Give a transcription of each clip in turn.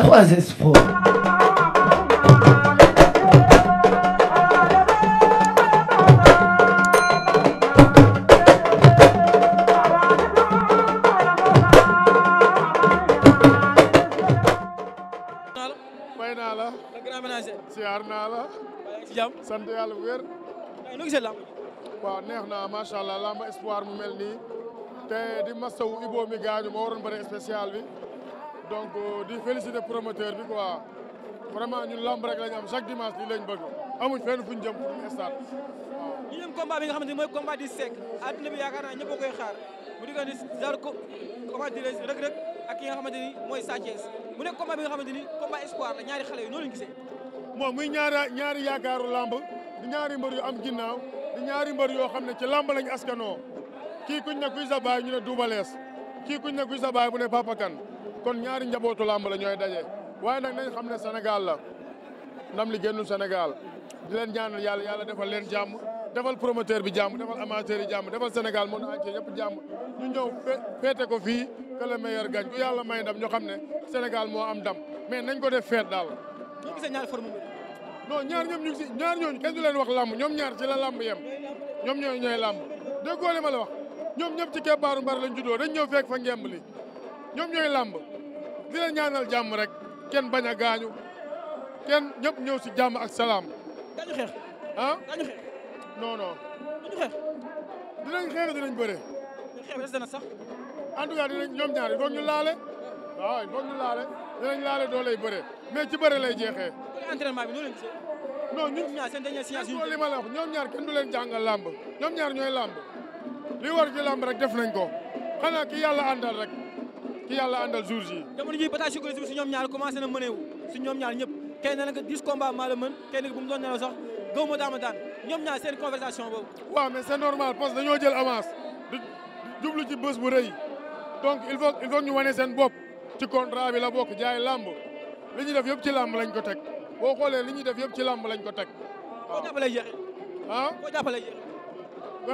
3S Pro. siyaar naa la. ci jàmm sant yàlla bu wér. nu gisee làmb waaw neex na macha allah làmb espoir mu mel nii te di masawu Ibo mi gaañu ma waroon bëri spécial bi. donc di féliciter promoteur bi quoi vraiment ñun lamb rek lañ am chaque dimanche lii lañ bëgg amuñ fenn fuñ jëm pour stade waaw. ñu jëm combat bi nga xamante mooy combat du siècle àdduna bi yaakaar naa ñëpp a koy xaar mu di ko ni genre co comment dire ak ki nga xamante ni mooy Sa mu nekk combat bi nga xamante ni combat espoir la ñaari xale yu noonu lañ gisee. moom muy ñaari ñaari yaakaaru lamb di ñaari mbër yu am ginnaaw di ñaari mbër yoo xam ne ci lamb lañ askanoo kii kuñ ne kuy sa baay ñu ne Double Less kii kuñ ne kuy sa baay ne Papa Kane kon ñaari njabootu làmb la ñooy daje waaye nag nañ xam ne Sénégal la ndam li génnul Sénégal di leen ñaanal yàlla yàlla defal leen jàmb defal promoteur bi jàmm defal amateur yi jàmm defal senegal moo na àggsi ñëpp jàmm ñu ñëw féete ko fii que le meilleur yàlla may ndam ñoo xam ne senegal moo am dam mais nañ ko def feet daal. ñu gisee ñaar forme non ñaar ñoom ñu ngi ñaar ñooñu kenn du leen wax làmb ñoom ñaar ci la làmb yem ñoom ñooy ñooy làmb de déggoo li ma la wax ñoom ñëpp ci keppaaru mbar lañ juddoo dañ ñëw fekk fa ngemb li ñoom ñooy làmb di ñaanal jàmm rek kenn bañ a gaañu kenn ñëpp ñëw si jàmm ak salaam. dañu xeex. ah dañu xeex. non non. dañu xeex. dinañ xeex dinañ na sax. en tout cas ñoom ñaar il faut ñu laale. waaw il faut ñu laale dinañ laale doo lay bëre mais ci bëre lay jeexee. entraînement bi noonu non ñun ñaar seen dernière séance li ma la wax ñoom ñaar kenn du leen jàngal làmb ñoom ñaar ñooy làmb li war ci làmb rek def nañ ko xanaa ki yàlla àndal rek. ki yàlla àndal jour ji jamono ji bataille psychologique si ñoom ñaar commencé na mëneewu si ñoom ñaar ñëpp kenn na nga 10 combat maa la mën kenn bu mu doon nelaw sax gëw ma daama daan ñoom ñaar seen conversation boobu waaw mais normal parce que dañoo jël du jublu ci bés bu rëy donc il faut il ñu wane seen bopp ci contrat bi la bokk jaay làmb li ñuy def yëpp ci làmb lañ ko teg boo xoolee li ñuy def yëpp ci làmb lañ ko teg waaw koo jàppalee jeexee ah koo jàppalee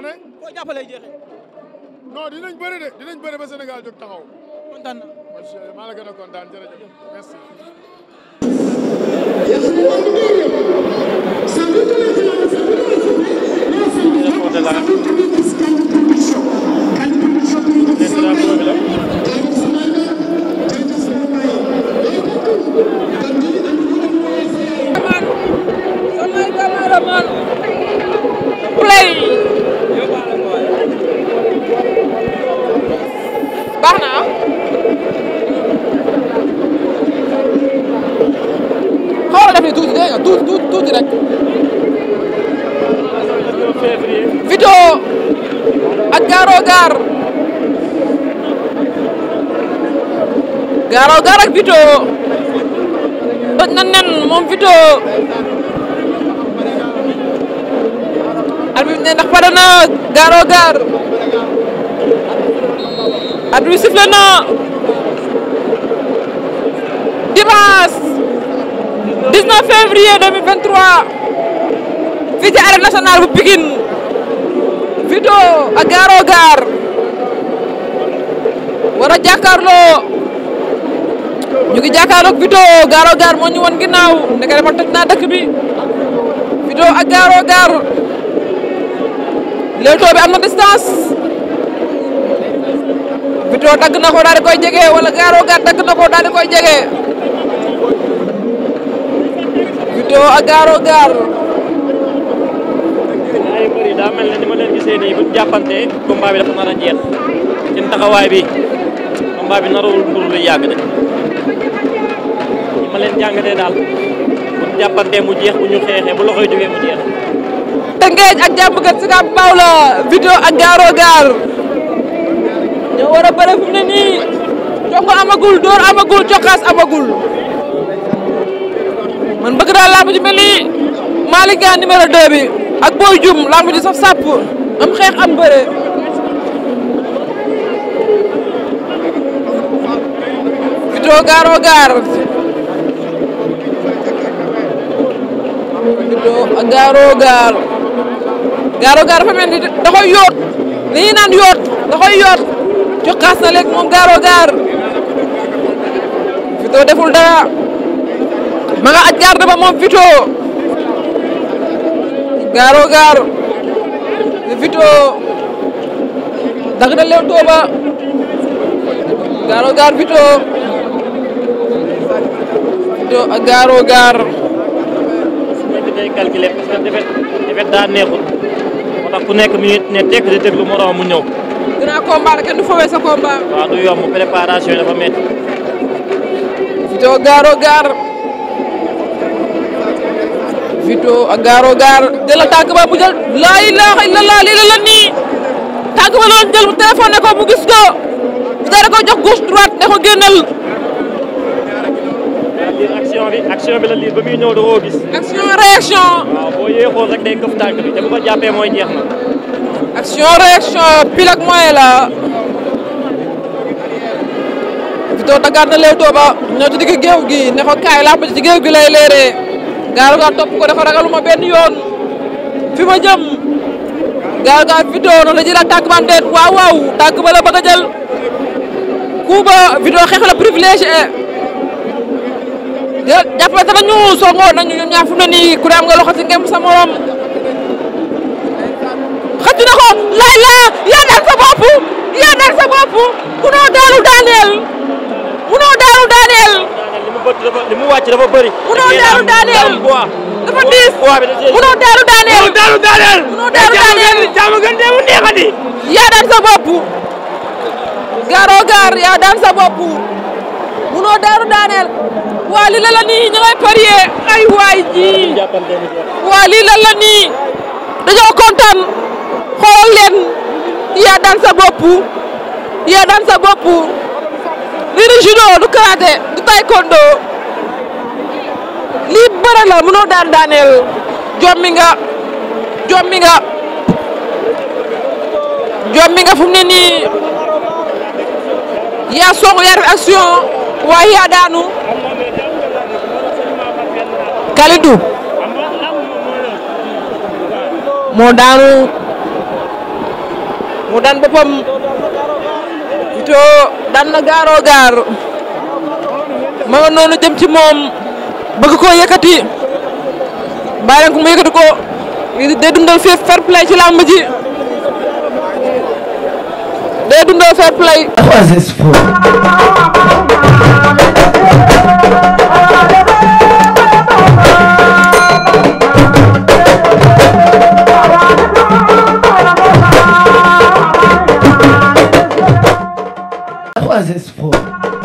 ne koo jàppalee jeexee non dinañ bëri de dinañ bëri ba Sénégal jóg taxaw kontaan naa. maa la gën a kontaan jërëjëf merci. play rek. Vito ak Garo Gar. Garo Gar ak Vito toj na nen moom Vito. arbitre bi ne ndax pare Garo Gar. arbitre bi sifflé na. 19 février 2023 fii ci arène nationale bu Pikine Vito ak Garo Gare war a ñu ngi jàkkaarloog Vito Garo Gare moo ñu woon ginnaaw ndeke dama toj naa dëkk bi Vito ak Garo Gare leetoo bi am na distance Vito dagg na ko daal di koy jege wala Garo Gare dagg na ko daal di koy jege. ma leen gisee nii bu ñu jàppante combat daal bu ñu mu jeex bu ñu xeexee bu loxoy jógee mu jeex. Tëngéej ak jàppkat si Kaap Mbaaw la Vito ak Garo Garo ñoo war a bëre fu mu ne nii jongo amagul dóor amagul cokkaas amagul. man bëgg naa làmb ji mel ni Malick Gaye numéro ak Boy Dioum làmb ji saf xeex am bëre. gaaro gaar Vito gaaro gaaro gaar dafa mel ni da koy yoot li ñuy naan na léegi moom gaaro gaar Vito deful dara. ma nga aj ba moom Vito gaaro gaar Vito dag na lew tooba gaaro gaar Vito Vito ak gaar day calculer defet defet neexul moo tax ku nekk mi ne tekk di déglu moroom mu ñëw grand combat la kenn du fawee sa combat waaw du yomb préparation dafa métti Vito gaaro gaar Vito ak Garo Gar jël la ba bu laa ilaaha illallaah lii la la nii tànk ba la jël téléphone ne ko mu ko dara ko jox gauche droite ne ko génnal. action bi la lii ba muy ñëw da koo gis. réaction. waaw boo mooy la. Vito dagaat na leewtoo ba ñëw ci digg géew gi ne ko kaay làpp ci géew gi lay leeree. Gaalu Gaat topp ko dafa ragaluma benn yoon fi ma jëm Gaalu Gaat vidéo noonu la jëlaat tànk ba am déet waaw waaw la bëgg a jël ku ba vidéo xeex la privilégié jàppante nañu songoon nañu ñoom ñaar fu mu ne ku ne am nga loxo ci ngem sa morom xëcc na ko laay laa yaa daan sa bopp yaa daan sa bopp munoo daanu daaneel munoo daanu daaneel. dafa dafa li mu wàcc munoo daaru daaneel munoo daaru daaneel. munoo daaru daaneel. munoo daaru daaneel yaa daan sa gaaroo gaar yaa daan sa munoo daaru daaneel. waa lii la nii ñu lay ay waay jii. waa lii la la nii. dañoo kontaan. xoolal leen. yaa daan sa yaa daan sa lii du judo du karaté du taekwondo lii bëre la mënoo daan daaneel jommi nga jommi nga mu ne nii yaa song yaa def action yaa daanu Kalidou moo daanu moo daan boppam Vito daan na gaaroo gaar ma nga jëm ci moom bëgg koo yëkkati bàyyi leen yëkkati ko day dundal fii fair ci làmb ji dundal fair play. Thank